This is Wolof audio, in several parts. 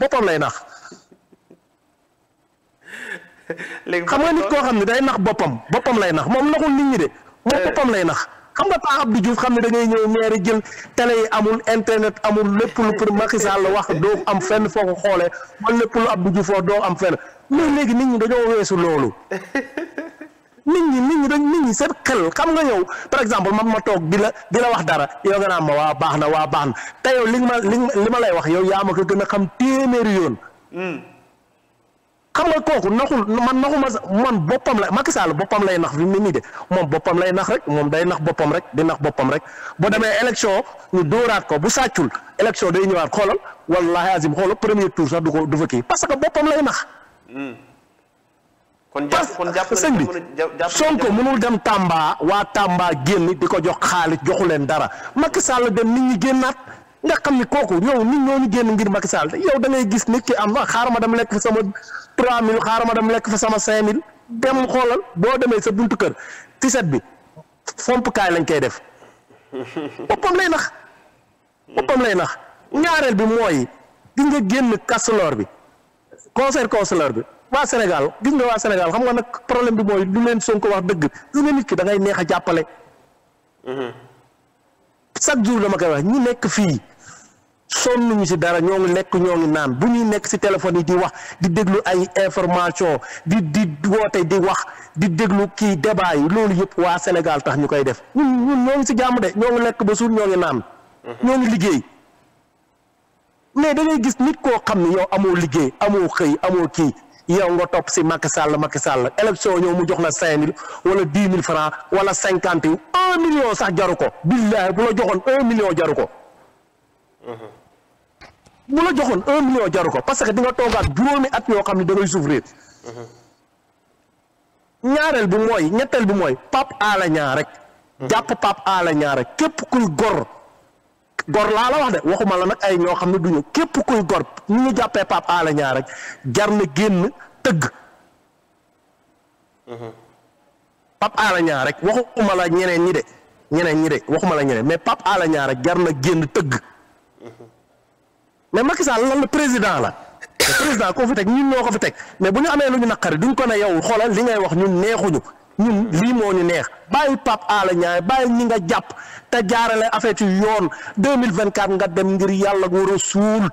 boppam lay nax. léegi xam nga nit koo xam ne day nax boppam boppam lay nax moom naxul nit ñi de. moom eh. boppam lay nax. xam nga Pa Abdou Diouf xam ne da ngay ñëw mairie jël tele yi amul internet amul lépp lu pour Macky la wax doo am fenn foo ko xoolee wala lépp lu Abdou Diouf wax doo am fenn mais léegi nit ñi dañoo weesu loolu. nit ñi nit ñi dañ nit ñi seen xel xam nga yow par exemple man ma toog di la wax dara yow nga naan ma waa baax na waa baax na te yow li ma li ma lay wax yow yaa ma ko gën a xam téeméeri yoon. Hmm. xam nga kooku naxul man naxuma man boppam la Macky Sall boppam lay nax fi mu nii de moom boppam lay nax rek moom day nax boppam rek di nax boppam rek boo demee élection ñu dooraat ko bu sàccul election day ñëwaat xoolal wallaahi azim xoolal premier tour sax du ko du kii parce que boppam lay nax. Hmm. kon jàpp kon jàpp sëñ bi Sonko mënul dem Tamba waa Tamba génn di ko jox xaalis joxu leen dara Macky Sall dem nit ñi génnaat nga xam ni kooku ñëw nit ñoo ñu génn ngir Macky Sall yow da gis nit ki am xaaral ma dam lekk fa sama 3000 xaaral ma dam lekk fa sama 5000 dem xoolal boo demee sa buntu kër tiset bi fompukaay lañ koy def boppam lay nax boppam lay nax ñaareel bi mooy di nga génn kastuloor bi concert consular bi. waa Sénégal gis nga waa Sénégal xam nga nag problème bi mooy lu leen ko wax dëgg lu nga nit ki da ngay neex a jàppale. Mhm. chaque jour dama koy wax ñi nekk fii sonn ñu si dara ñoo ngi lekk ñoo ngi naan bu ñuy nekk si téléphone yi di wax di déglu ay information di di woote di wax di déglu kii débat yi loolu waa Sénégal tax ñu koy def ñun ñun ñoo ngi si jàmm ñoo ngi ba suur ñoo ngi naan. Mhm. ñoo liggéey mais da gis nit koo xam ne yow amoo liggéey amoo xëy amoo kii. yow nga topp si Macky Sall Macky Sall élection ñëw mu jox la cinq mille wala dix mille franc wala cinquante yu un million sax jaru ko billaahi bu la joxoon un million jaru ko mhm. bu la joxoon un million jaru ko parce que di nga toogaat juróomi at yoo xam ne da ngay souffrir mhm. ñaareel bi mooy ñetteel bi mooy Pape Alé Niang rek mhm. jàpp Pape Alé Niang rek képp kuy gor gor laa la wax de waxuma la nag ay ñoo xam ne duñu képp koy gor ñu ñu jàppee Pape Alé ñaa rek jar na génn tëgg. Mhm. Pape Alé Niang rek waxuma la ñeneen ñi de ñeneen ñi de waxuma la ñeneen mais Pape Alé Niang rek na génn tëgg. Mhm. mais Macky Sall lan la président la président koo fi teg ñu ñoo ko fi teg mais bu ñu amee lu ñu naqari duñ ko na yow xoolal li ngay wax ñun neexuñu ñun lii moo ñu neex bàyyi Pape Alé Niang bàyyi ñi nga jàpp te jaarale affaire ci yoon 2024 nga dem ngir yàlla war a suul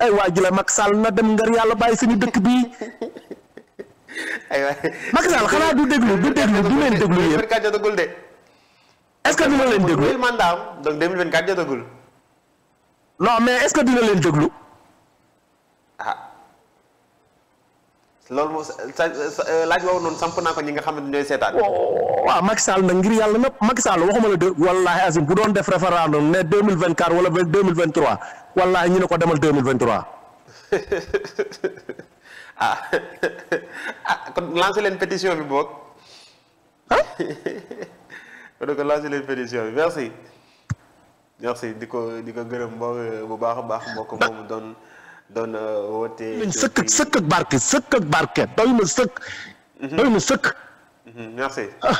ay waa ji la Macky Sall na dem ngar yàlla bàyyi suñu dëkk bii. aywa Macky Sall xanaa du déglu du déglu du leen déglu yéen. 2024 jotagul de. est-ce que dina leen déglu mooy mandat am donc 2024 jotagul. non mais est que dina leen déglu. Ah. loolu moom euh, laaj woowu noonu samp naa ko ñi nga xam ne ñooy seetaan. waaw Macky Sall nag ngir yàlla na Macky Sall waxuma la de wallaahi azim bu doon def référendum ne deux mille vingt quatre wala deux mille vingt trois wallaahi ñu ne ko demal deux mille vingt trois. Ah, ah kon lancé leen pétition bi boog. ah. kon ko lancé leen pétition bi merci. merci di ko di ko gërëm bu baax a baax mbokk moomu doon. doon uh, woote. sëkk sëkk ak barke sëkk ak barke sëkk. doy ma sëkk. Mhm. Mhm, merci ah.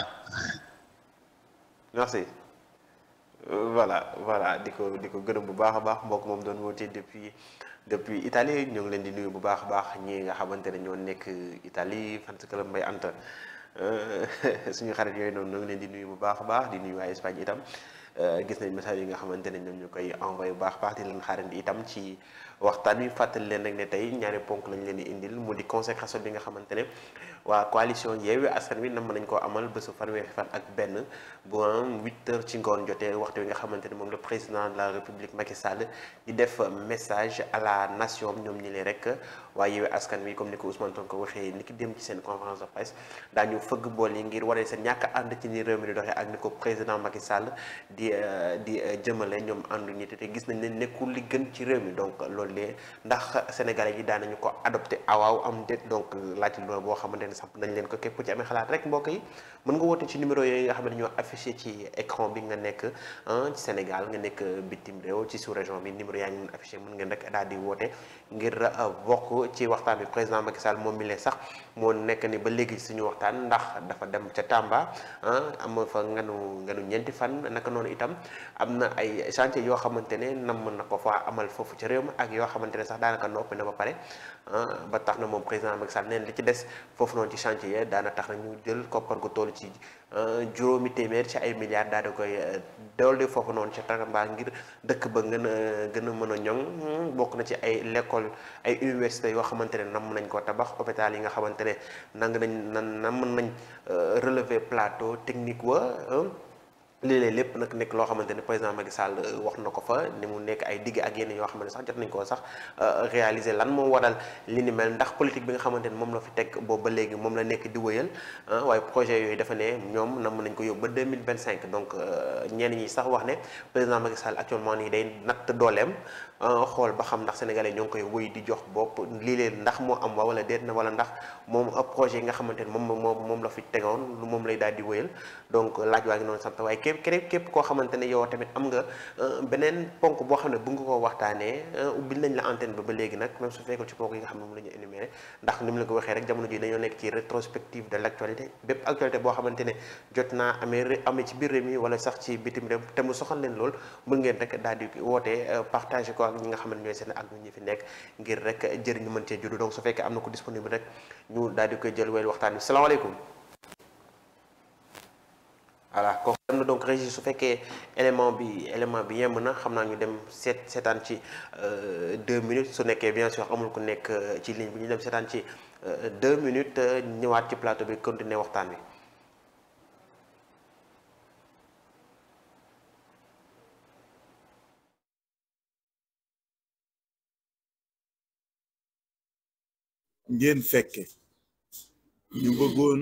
merci euh, di ko di ko gërëm bu baax a baax mbokk moom doon woote depuis depuis Italie ñoo ngi leen di nuyu bu baax a baax ñi nga xamante ne ñoo nekk Italie fan club Mbaye Anta euh, suñu xarit yooyu noonu ñoo ngi leen di nuyu bu baax baax di nuyu waa Espagne itam euh, gis nañ message yi nga xamante ne ñoom ñu koy envoyé bu baax a baax di leen xaarandi itam ci. waxtaan wi fàttali leen rek ne tey ñaari ponk lañ leen di indil mu di consécration bi nga xamante ne waa coalition Yewwi Askan Wi namm nañ koo amal bésu fanweeri fan ak benn bu am huit heures ci ngoon jotee waxtu wi nga xamante ne moom la président de la république Macky Sall di def message à la nation ñoom ñi lee rek waa Yewwi Askan Wi comme ni ko Ousmane ko waxee ni ki dem ci seen conférence de presse daañu fëgg bool yi ngir wane seen ñàkk ànd ci ni réew mi di doxee ak ni ko président Macky Sall di euh, di euh, jëmale ñoom àndu ñi te gis nañ ne nekkul li gën ci réew mi donc loolu ndax sénégalais yi daanañu ko adopté awaaw am déet donc ne samp nañ leen ko képp ku ci amee xalaat rek mbokk yi mën nga woote ci numéro yooyu nga xam ne ñoo affiché ci ecron bi nga nekk ah, ci Sénégal nga nekk bitim réew ci sous région bi numéro yaa ngi mën ngeen rek daal di woote ngir ah, bokk ci waxtaan bi président Macky Sall moom mi leen sax moo nekk ni ba léegi suñu waxtaan ndax dafa dem ca Tamba ah, am fa nga nganu ñeenti fan naka noonu itam am na ay chantier yoo xamante ne nam na ko fa amal foofu ca réew mi ak yoo xamante ne sax daanaka noppi na ba pare ba tax na moom président Macky Sall neen li ci des foofu noonu ci chantier daana tax na ñu jël koppar gu toll ci juróomi téeméer ci ay milliards daal di koy euh, dolli foofu noonu ci Tamba ngir dëkk ba gën a gën a mën a ñoŋ bokk na ci ay lekkool ay université yoo xamante ne nam nañ koo tabax hôpital yi nga xamante ne nang nañ nan nam nañ euh, relever plateau technique wa lii lépp nag nekk loo xamante ne président Macky Sall euh, wax na ko fa ni mu nekk ay digg ak yenn yoo xamante ne sax jot nañ koo sax euh, réaliser lan moo waral li ni mel ndax politique bi nga xamante ne moom la fi teg boobu ba léegi moom la nekk di wëyal waaye projet yooyu dafa ne ñoom nam nañ ko yóbbu ba 2025 donc euh, ñenn ñi sax wax ne président Macky Sall actuellement nii day natt dooleem xool ba xam ndax sénégalais ñoo di jox bopp lii leen ndax moo am wa wala déet na wala ndax moom projet yi nga xamante ne moom moom moom la fi tegoon moom lay dal di wëyal donc laaj waa ngi noonu sant waaye képp képp képp koo xamante ne yow tamit am nga euh, beneen ponk boo xam ne bu nga koo waxtaanee euh, ubbil nañ la antenne ba ba léegi nag même su fekkul ci ponk yi nga xam ne moom ni mu la ko waxee rek jamono ji dañoo nekk ci rétrospective de l' actualité bépp actualité xamante ne jot naa amee amee ci biir mi wala sax ci bitim réew te mu soxal leen lool mën ngeen rek daal di wootee euh, partagé ko ak ñi nga xam ne ñooy fi nekk ngir rek jëriñu mën cee juddu donc su fekkee am na ko disponible rek ñu daal di koy jël wel waxtaan bi salaamaaleykum voilà kon donc Régis su fekkee élément bi élément bi yemb na xam naa ñu dem seet seetaan ci euh, deux minutes su nekkee bien sûr amul ku nekk euh, ci ligne bi ñu dem seetaan ci euh, deux minutes ñëwaat ci plateau bi continuer waxtaan wi ngeen fekke ñu bëggoon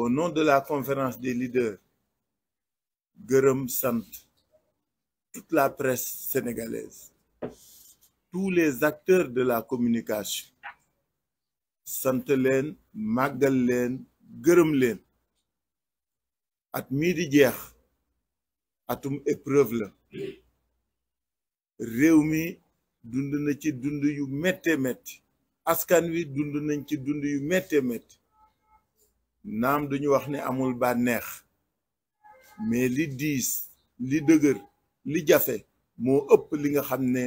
au nom de la conférence de leaders. gërëm sant toute la presse sénégalaise tous les acteurs de la communication sant leen màggal leen gërëm leen at mii di jeex atum épreuve la réew mi dund na ci dund yu métte métti askan wi dund nañ ci dund yu métte métti naam duñu wax ne amul bànneex mais li diis li dëgër li jafe moo ëpp li nga xam ne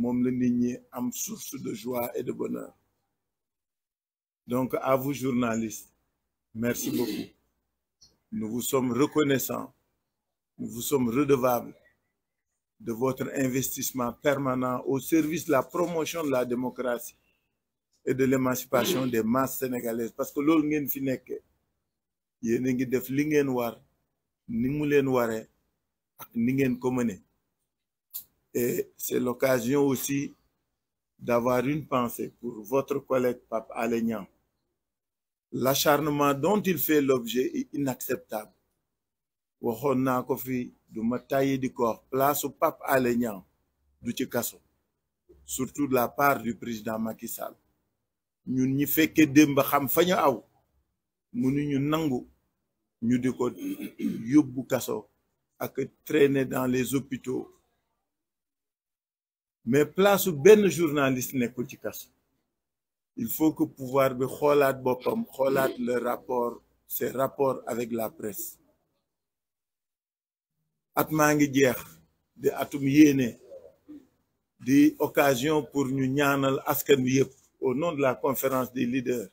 moom la nit ñi am source de joie et de bonheur donc à vous journalistes merci beaucoup nous vous sommes reconnaissants nous vous sommes redevables de votre investissement permanent au service de la promotion de la démocratie et de l'émancipation des masses sénégalaises parce que loolu ngeen fi nekke yéen a ngi def li ngeen war ni mu leen ware ak ni ngeen ko mëne e c'est l'occasion aussi d'avoir une pensée pour votre collègue Pape Alé Niang l'acharnement dont il fait l'objet inacceptable waxoon naa ko fi du ma tàyyi di ko wax place Pape Alé Niang du ci kaso surtout de la part du président Macky Sall ñun ñi fekkee démb xam fa ñu aw mënuñu nangu ñu di ko yóbbu kaso ak traîner dans les hôpitaux mais place benn journaliste nekkul ci kaso il faut que pouvoir bi xoolaat boppam xoolaat le rapport ses rapports avec la presse at maa ngi jeex di atum yéene di occasion pour ñu ñaanal askan wi yëpp au nom de la conférence des leaders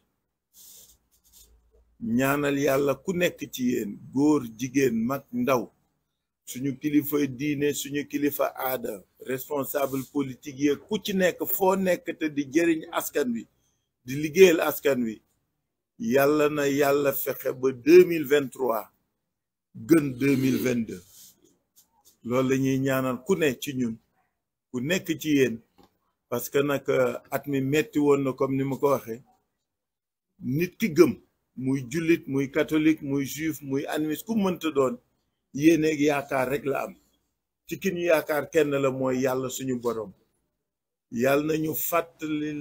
ñaanal yàlla ku nekk ci yéen góor jigéen mag ndaw suñu kilifa diine suñu kilifa aada responsable politique yi ku ci nekk foo nekk te di jëriñ askan wi di liggéeyal askan wi yàlla na yàlla fexe ba 2023 gën 2022 loolu la ñaanal ku ne ci ñun ku nekk ci yéen parce que nag at mi metti woon na comme ni ma ko waxee nit ki gëm muy julit muy catholique muy juif muy animiste ku mënta doon yéeneeg yaakaar rek la am ci ki ñu yaakaar kenn la mooy yàlla suñu borom yàlla nañu fàttalil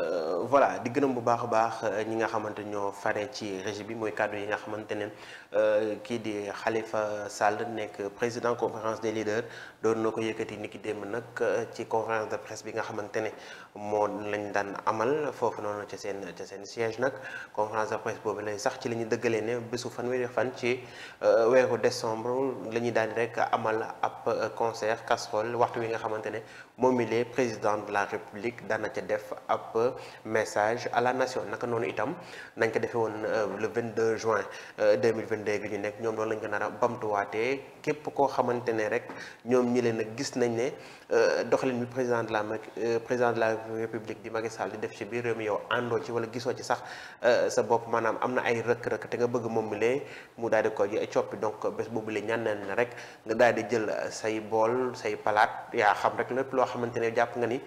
euh, voilà di gërëm bu baax a baax euh, ñi nga xamante ñoo fare ci régime bi mooy kàddu yi nga xamante ne Euh, kii di Khalifa Sall nekk président conférence de leaders doon na ko yëkkati niki démb nag euh, ci conférence de presse bi nga xamante ne moo lañ daan amal foofu noonu ca seen ca seen siège nag conférence de presse boobu lay sax ci la ñu dëggalee ne bésu fanweeri fan ci euh, weeru décembre la ñuy daal di rek amal ab concert casserole waxtu wi nga xamante ne moom ilee président de la république dana ca def ap message à la nation naka noonu itam nañ ko defee woon le 22 juin 2020 2022 bi ñu nekk ñoom loolu lañ ko nar a bamtuwaatee képp koo xamante ne rek ñoom ñi leen nag gis nañ ne euh, doxalin bi président de la euh, président de la république di Macky Sall di def ci biir mi yow àndoo ci wala gisoo ci sax euh, sa bopp maanaam am na ay rëkk nga bëgg moom mi lee mu daal di ko coppi donc bés boobu la ñaan nañ rek nga daal di jël say bool say palaat yaa xam rek lépp loo xamante ne jàpp nga ni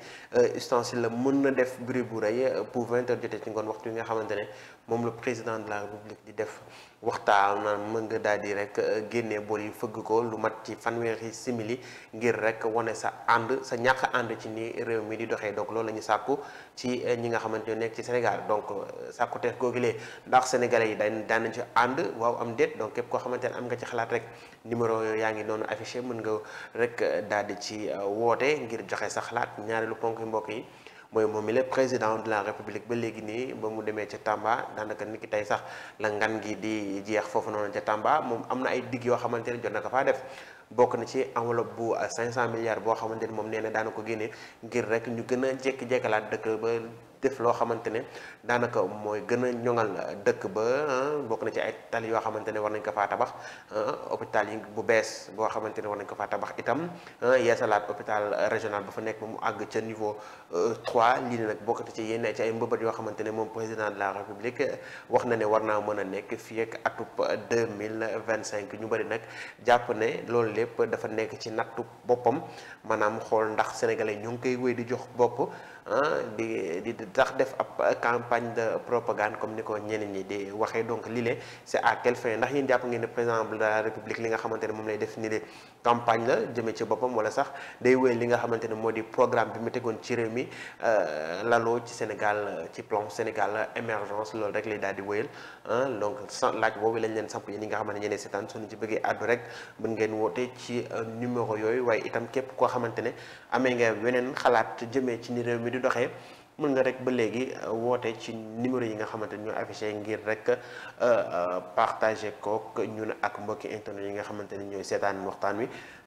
ustensile la mën na def bruit bu rëy pour 20 heures jotee ci ngoon waxtu yi nga xamante ne moom la président de la république di def waxtaan xam mën nga daal di rek euh, génnee bool yi fëgg ko lu mat ci fanweeri simili ngir rek wane sa ànd sa ñàkk ànd ci ni réew mi di doxee donc loolu la ñu sàkku ci euh, ñi nga xamante ne nekk ci Sénégal donc euh, sàkku teef googilee ndax sénégalais yi daan daan nañ ci ànd waaw am déet donc képp koo xamante ne am nga ci xalaat rek numéro yooyu yaa ngi noonu affiché mën nga rek daal di ci woote ngir joxe sa xalaat ñaareelu ponk mbokk yi mooy moom mi la président de la république ba léegi nii ba mu demee ca Tamba daanaka nit ki tey sax la ngan gi di jeex foofu noonu ca Tamba moom am na ay digg yoo xamante ne jot na ko faa def bokk na ci enveloppe bu 500 milliards boo xamante ni moom nee na daana ko génne ngir rek ñu gën a jékki-jékkalaat dëkk ba def loo xamante ne daanaka mooy gën a ñoŋal dëkk ba mbokk ah, na ci ay tali yoo xamante ne war nañ ko faa tabax ah, hôpital yi bu bees boo xamante ne war nañ ko faa tabax itam ah, yeesalaat hôpital régional ba fa nekk mu àgg ca niveau 3 euh, lii nag bokk ci yenn ci ay mbëbët yoo xamante ne moom président de la république wax na ne war naa mën a nekk fii ak atub 2025 ñu bëri nag jàpp ne loolu lépp dafa nekk ci nattu boppam maanaam xool ndax sénégalais ñoo ngi koy wéy di jox bopp di di tax def ab campagne de comme ni ko ñeneen ñi di waxee donc lile c'est à quelle fin ndax yéen jàpp ngeen ne président de la république li nga xamante ne moom lay def ni li campagne la jëmee ci boppam wala sax day wéy li nga xamante ne moo di programme ci réew mi euh, laloo ci Sénégal ci loolu rek lay daal di wéyal donc laaj boobu lañ leen samp yéen ñi nga xamante ne ñeneen seetaan suñu ci bëggee àddu rek mën ngeen woote ci euh, numéro yooyu waaye itam képp koo xamante ne amee nga weneen xalaat jëmee ci ni réew mi di doxee mën nga rek ba léegi euh, woote ci numéro yi nga xamante ni ñoo affiché ngir rek euh, euh, partage kook ñun ak mbokki internet yi nga xamante ni ñooy seetaan moxtaan wi